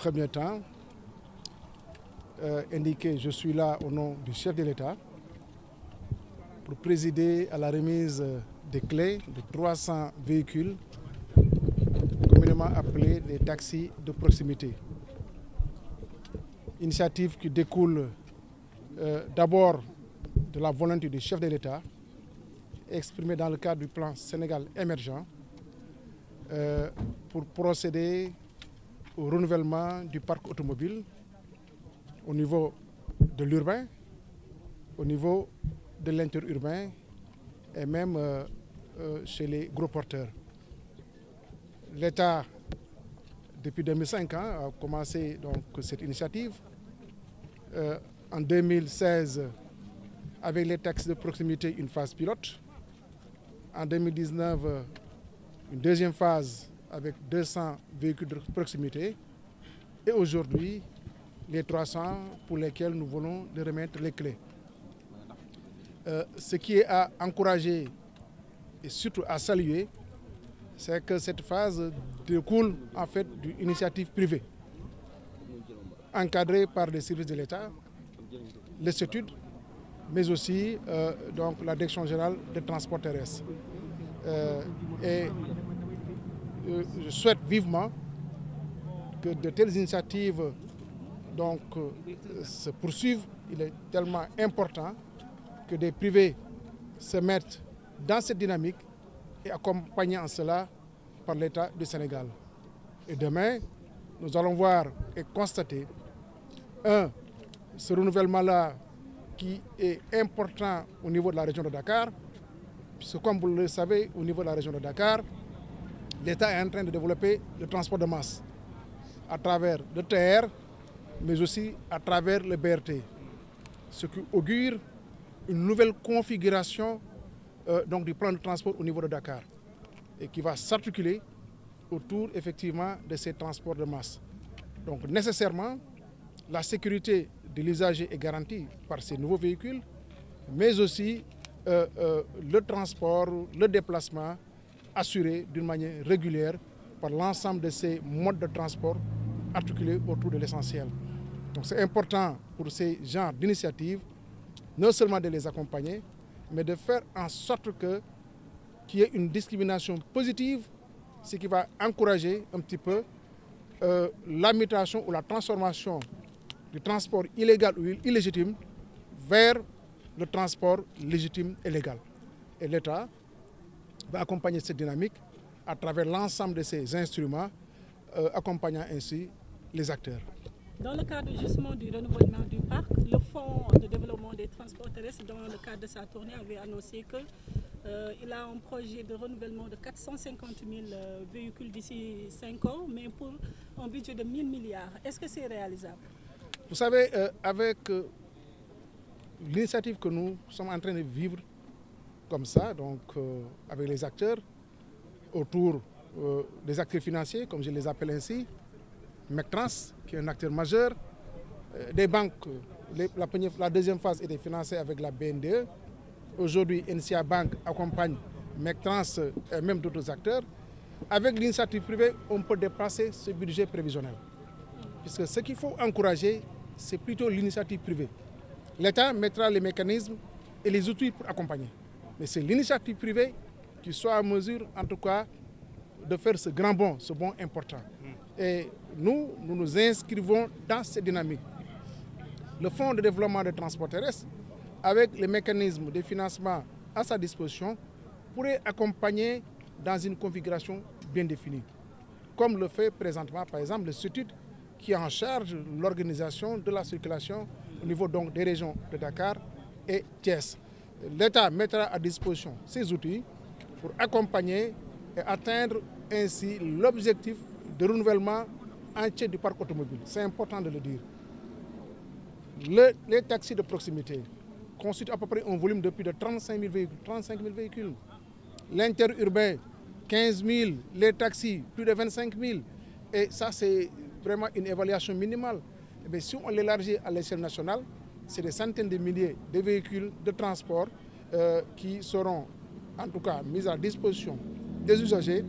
premier temps, euh, indiquer je suis là au nom du chef de l'État pour présider à la remise des clés de 300 véhicules communément appelés des taxis de proximité. Initiative qui découle euh, d'abord de la volonté du chef de l'État exprimée dans le cadre du plan Sénégal émergent euh, pour procéder au renouvellement du parc automobile au niveau de l'urbain, au niveau de l'interurbain et même euh, euh, chez les gros porteurs. L'État, depuis 2005, hein, a commencé donc, cette initiative. Euh, en 2016, avec les taxes de proximité, une phase pilote. En 2019, une deuxième phase avec 200 véhicules de proximité et aujourd'hui les 300 pour lesquels nous voulons de remettre les clés. Euh, ce qui est à encourager et surtout à saluer, c'est que cette phase découle en fait d'une initiative privée, encadrée par les services de l'État, les études, mais aussi euh, donc la Direction générale des transports je souhaite vivement que de telles initiatives donc euh, se poursuivent. Il est tellement important que des privés se mettent dans cette dynamique et accompagnés en cela par l'État du Sénégal. Et demain, nous allons voir et constater, un, ce renouvellement-là qui est important au niveau de la région de Dakar, puisque comme vous au niveau de la région de Dakar, l'État est en train de développer le transport de masse à travers le TER, mais aussi à travers le BRT, ce qui augure une nouvelle configuration euh, donc du plan de transport au niveau de Dakar et qui va s'articuler autour effectivement de ces transports de masse. Donc nécessairement, la sécurité de l'usager est garantie par ces nouveaux véhicules, mais aussi euh, euh le transport, le déplacement assurée d'une manière régulière par l'ensemble de ces modes de transport articulés autour de l'essentiel. Donc c'est important pour ces genres d'initiatives, non seulement de les accompagner, mais de faire en sorte que qu'il y ait une discrimination positive, ce qui va encourager un petit peu euh, la mutation la transformation du transport illégal ou illégitime vers le transport légitime et légal. Et l'État va accompagner cette dynamique à travers l'ensemble de ces instruments, euh, accompagnant ainsi les acteurs. Dans le cadre justement du renouvellement du parc, le Fonds de développement des transports terrestres, dans le cadre de sa tournée, avait annoncé que euh, a un projet de renouvellement de 450 000 euh, véhicules d'ici ans, mais pour un budget de 1 000 milliards. Est-ce que c'est réalisable Vous savez, euh, avec euh, l'initiative que nous sommes en train de vivre comme ça, donc euh, avec les acteurs autour euh, des acteurs financiers, comme je les appelle ainsi, Mectrans, qui est un acteur majeur, euh, des banques. Les, la, première, la deuxième phase était financée avec la BNDE. Aujourd'hui, NCA Bank accompagne Mectrans et même d'autres acteurs. Avec l'initiative privée, on peut dépasser ce budget prévisionnel. Puisque ce qu'il faut encourager, c'est plutôt l'initiative privée. L'État mettra le mécanismes et les outils pour accompagner. Mais c'est l'initiative privée qui soit à mesure, en tout cas, de faire ce grand bond, ce bond important. Mm. Et nous, nous nous inscrivons dans cette dynamique. Le Fonds de développement des transports terrestres, avec les mécanismes de financement à sa disposition, pourrait accompagner dans une configuration bien définie. Comme le fait présentement, par exemple, l'Institut qui est en charge l'organisation de la circulation au niveau donc des régions de Dakar et Thiès. l'État mettra à disposition ces pour accompagner et atteindre ainsi l'objectif de renouvellement entier du parc automobile. C'est important de le dire. Le, les taxis de proximité constituent à peu près un volume de plus de 35 000 véhicules. 35 000 véhicules. L'interurbain, 15 000. Les taxis, plus de 25 000. Et ça, c'est vraiment une évaluation minimale. Mais eh si on l'élargit à l'échelle nationale, c'est des centaines de milliers de véhicules de transport euh, qui seront en tout cas mis à disposition des usagers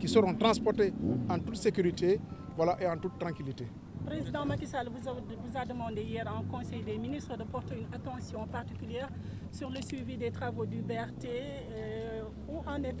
qui seront transportés en toute sécurité voilà, et en toute tranquillité. Président Macky Sall vous a, demandé hier en Conseil des ministres de porter une attention particulière sur le suivi des travaux du BRT. Euh, en est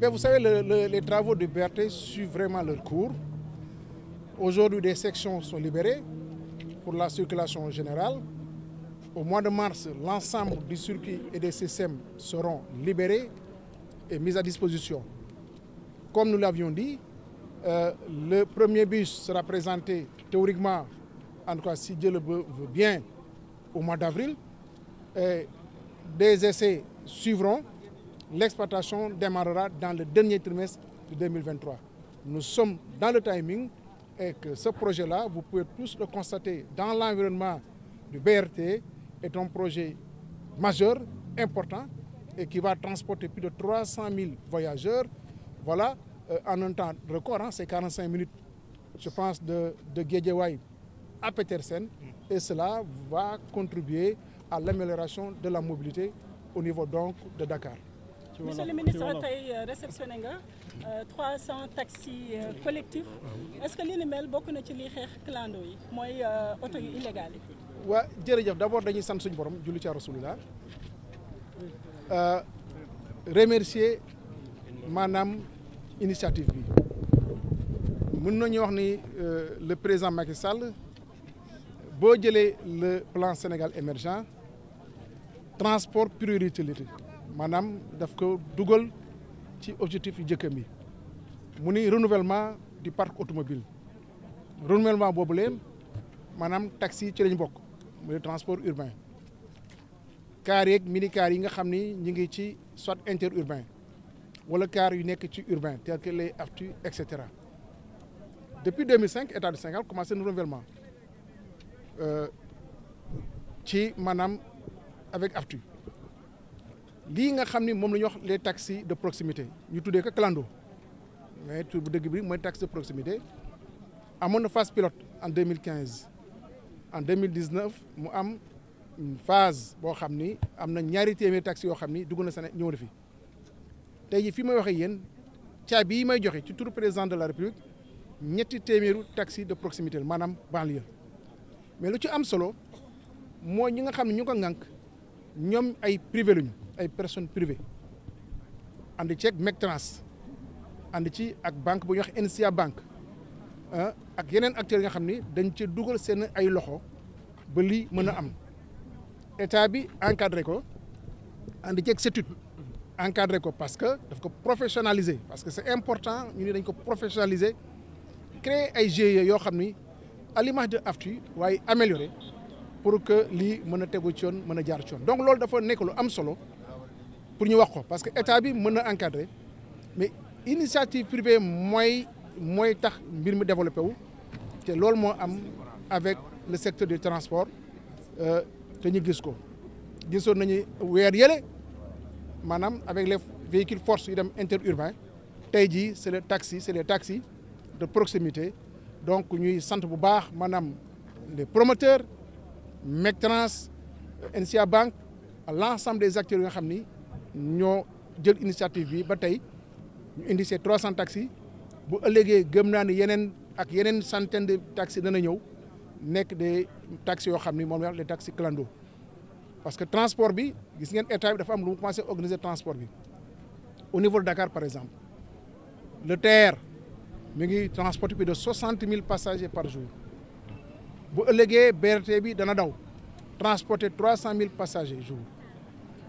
Mais vous savez, les travaux de BRT suivent vraiment leur cours. Aujourd'hui, des sections sont libérées. pour la circulation générale. Au mois de mars, l'ensemble du circuit et des systèmes seront libérés et mis à disposition. Comme nous l'avions dit, euh, le premier bus sera présenté théoriquement, en tout cas si Dieu le veut bien, au mois d'avril. Des essais suivront. L'exploitation démarrera dans le dernier trimestre de 2023. Nous sommes dans le timing. est que ce projet-là, vous le constater, dans l'environnement du BRT, est un projet majeur, important, et qui va transporter de 300 000 voyageurs, voilà, euh, en un temps record, hein, c'est 45 je pense, de, de Guédiawaï à Petersen, et cela va contribuer à l'amélioration de la mobilité au niveau donc de Dakar. monsieur le ministre tey euh, réceptionné nga 300 euh, taxis euh, est-ce que li ni mel bokk na ci liy xeex clando yi mooy oto yu illégal yi. waa jërëjëf d'abord dañuy sant suñu borom julli ci rasulullah remercier maanaam initiative bi mun nañu wax ni le président Macky Sall boo jëlee le plan Sénégal émergent transport priorité maanaam daf ko dugal ci objectif yu njëkkam yi mu ni renouvellement du parc automobile renouvellement boobu leen maanaam taxi ci lañ bokk muy transport urbain car yeeg mini car yi nga xam ni ñu ngi ci soit interurbain wala car yu nekk ci urbain tel que les aftu et cetera depuis 2005 état du Sénégal commencé na renouvellement euh, ci maanaam avec aftu lii nga xam ni moom la ñuy wax les taxis de proximité ñu tuddee ko clando mais tur bu dëgg bi mooy taxi de proximité amoon na fas pilote en deux mille quinze en deux mille dix neuf mu am phase boo xam ni am na ñaari téeméeri taxi yoo xam ni dugg na seen ñëw na fi te jii fi may waxee yéen caabi yi may joxe ci turu président de la république ñetti téeméeru taxi de proximité maanaam banlieue mais lu ci am solo mooy ñi nga xam ne ñu ko ŋànk ñoom ay privé ay personnes privées ànd ceeg Mectrans ànd ci ak banque bu ñuy wax NCA banque ah, ak yeneen acteurs yi nga xam ni dañ ci dugal seen ay loxo ba lii mën a am état bi encadré ko ànd ceeg CETUD encadré ko parce que daf ko professionnaliser parce que c'est important ñu ne dañ ko professionnaliser créer ay GIE yoo xam ni à l'image de AFTU waaye améliorer pour que lii mën a tegu ci yoon mën a jaar ci yoon donc loolu dafa nekk lu am solo. pour ñu wax ko parce que état bi mën na encadrer mais initiative privée mooy mooy tax mbir mi développé wu te loolu moo am avec le secteur du transport euh, te ñu gis ko gisoon nañu weer yële maanaam avec les véhicules force yu dem interurbain tey jii c'est le taxi c'est les taxis de proximité donc ñuy sant bu baax maanaam les promoteurs Mectrans NCA Bank l'ensemble des acteurs yi nga xam ni ñoo jël initiative bi ba tey ñu indi ces trois cent taxis bu ëllëgee gëm naa ni yeneen ak yeneen centaine de taxis dana ñëw nekk des taxis yoo xam ni moom la les taxis clando parce que transport bi gis ngeen état bi dafa am lu mu commencé transport bi au niveau de Dakar par exemple le TER mu ngi transporter plus de soixante mille passagers par jour bu ëllëgee BRT bi dana daw transporter trois cent mille passagers jour.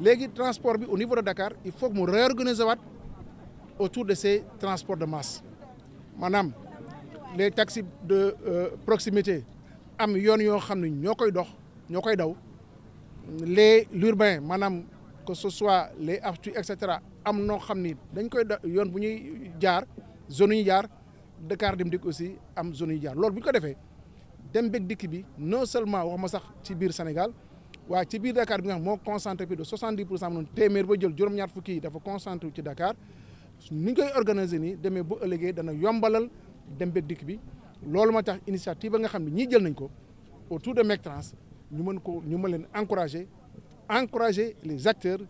léegi transport bi au niveau de Dakar il faut que mu réorganiser waat autour de ces transport de masse maanaam les taxis de euh, proximité am yoon yoo xam ne ñoo koy dox ñoo koy daw les l'urbain maanaam que ce soit les artu et cetera am noo xam ni dañ koy da yoon bu ñuy jaar zone yu jaar Dakar Dem Dikk aussi am zone yu jaar loolu bu ñu ko defee dem bëgg dikk bi non seulement wax ma sax ci biir Sénégal waaye ci biir Dakar bi nga xam moo concentré plus de 70 pour cent noonu téeméer ba jël juróom-ñaar fukki yi dafa concentré ci Dakar ni ñu koy organiser nii demee ba ëllëgee dana yombalal dem dikk bi loolu moo tax initiative ba nga xam ne ñii jël nañ ko autour de Mectrans ñu mën ko ñu mën leen encourager encourager les acteurs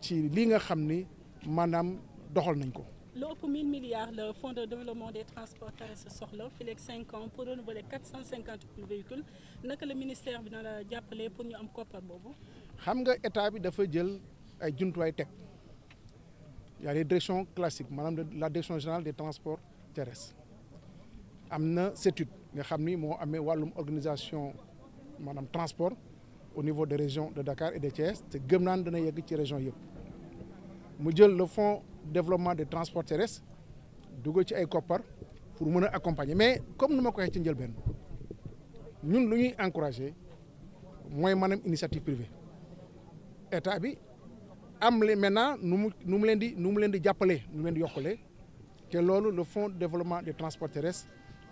ci lii nga xam ni maanaam doxal nañ ko. lu ëpp 1000 milliards le fonds de développement des transports terrestres soxla fii ak 5 ans pour renouveler 450 000 véhicules naka la ministère bi na la jàppale pour ñu am koppar boobu. xam nga état bi dafa jël ay juntuwaay teg y a les directions la direction générale des transport teres am na CETUD nga xam ni moo amee wàllum organisation maanaam transport au niveau de région de Dakar et de Thiès te gëm naan dana yegg ci région yëpp mu jël le fonds. développement de transport terrestre dugal ci ay koppar pour mën a accompagner mais comme nu ma ko waxee ci njëlbeen ñun lu ñuy encourager mooy maanaam initiative privée état bi am le maintenant nu mu nu mu leen di nu mu leen di jàppale nu mu leen di yokkale te loolu le fonds de développement des transports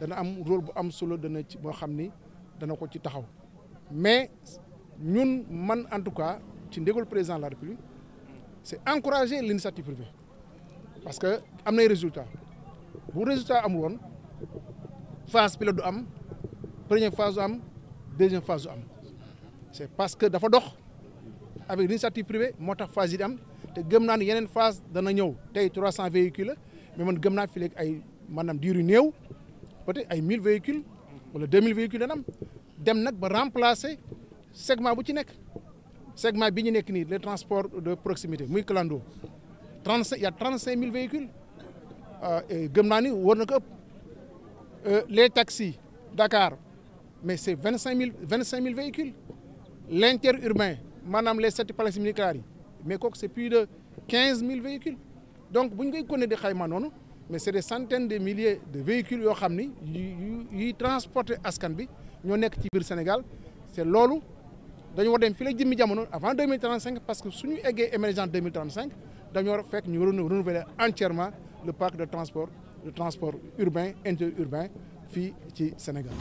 dana am rôle bu am solo dana ci boo xam ni dana ko ci taxaw mais ñun man en tout cas ci ndégul président de la république c'est encourager l'initiative privée parce que am nay résultat bu résultat amul woon phase pilote du am première phase am deuxième phase am c'est parce que dafa dox avec l'initiative privée moo tax phase yi am te gëm naa ne yeneen phase dana ñëw tey trois cent véhicules mais man gëm naa fi léegi ay maanaam diiru néew peut-être ay mille véhicules wala deux mille véhicules dana am dem nag ba remplacer segment bu ci nekk segment bi ñu nekk nii le transport de proximité muy clando trente cinq il y a trente cinq mille véhicules euh, gëm naa ni war na ko ëpp euh, les taxis Dakar mais c' est vingt cinq mille vingt cinq mille véhicules l' interurbain maanaam les sept palaces militaires yi mais kooku c' est plus de quinze mille véhicules donc bu ñu koy connaître di xayma noonu mais c' est des centaines de milliers de véhicules yoo xam ni yu yuy askan bi ñoo nekk ci biir Sénégal c' est loolu dañu war dem fii la jëmmi jamono avant deux mille trente cinq parce que suñu eggee émergence dañoo fekk ñu renouveler entièrement le parc de transport de transport urbain interurbain fii ci Sénégal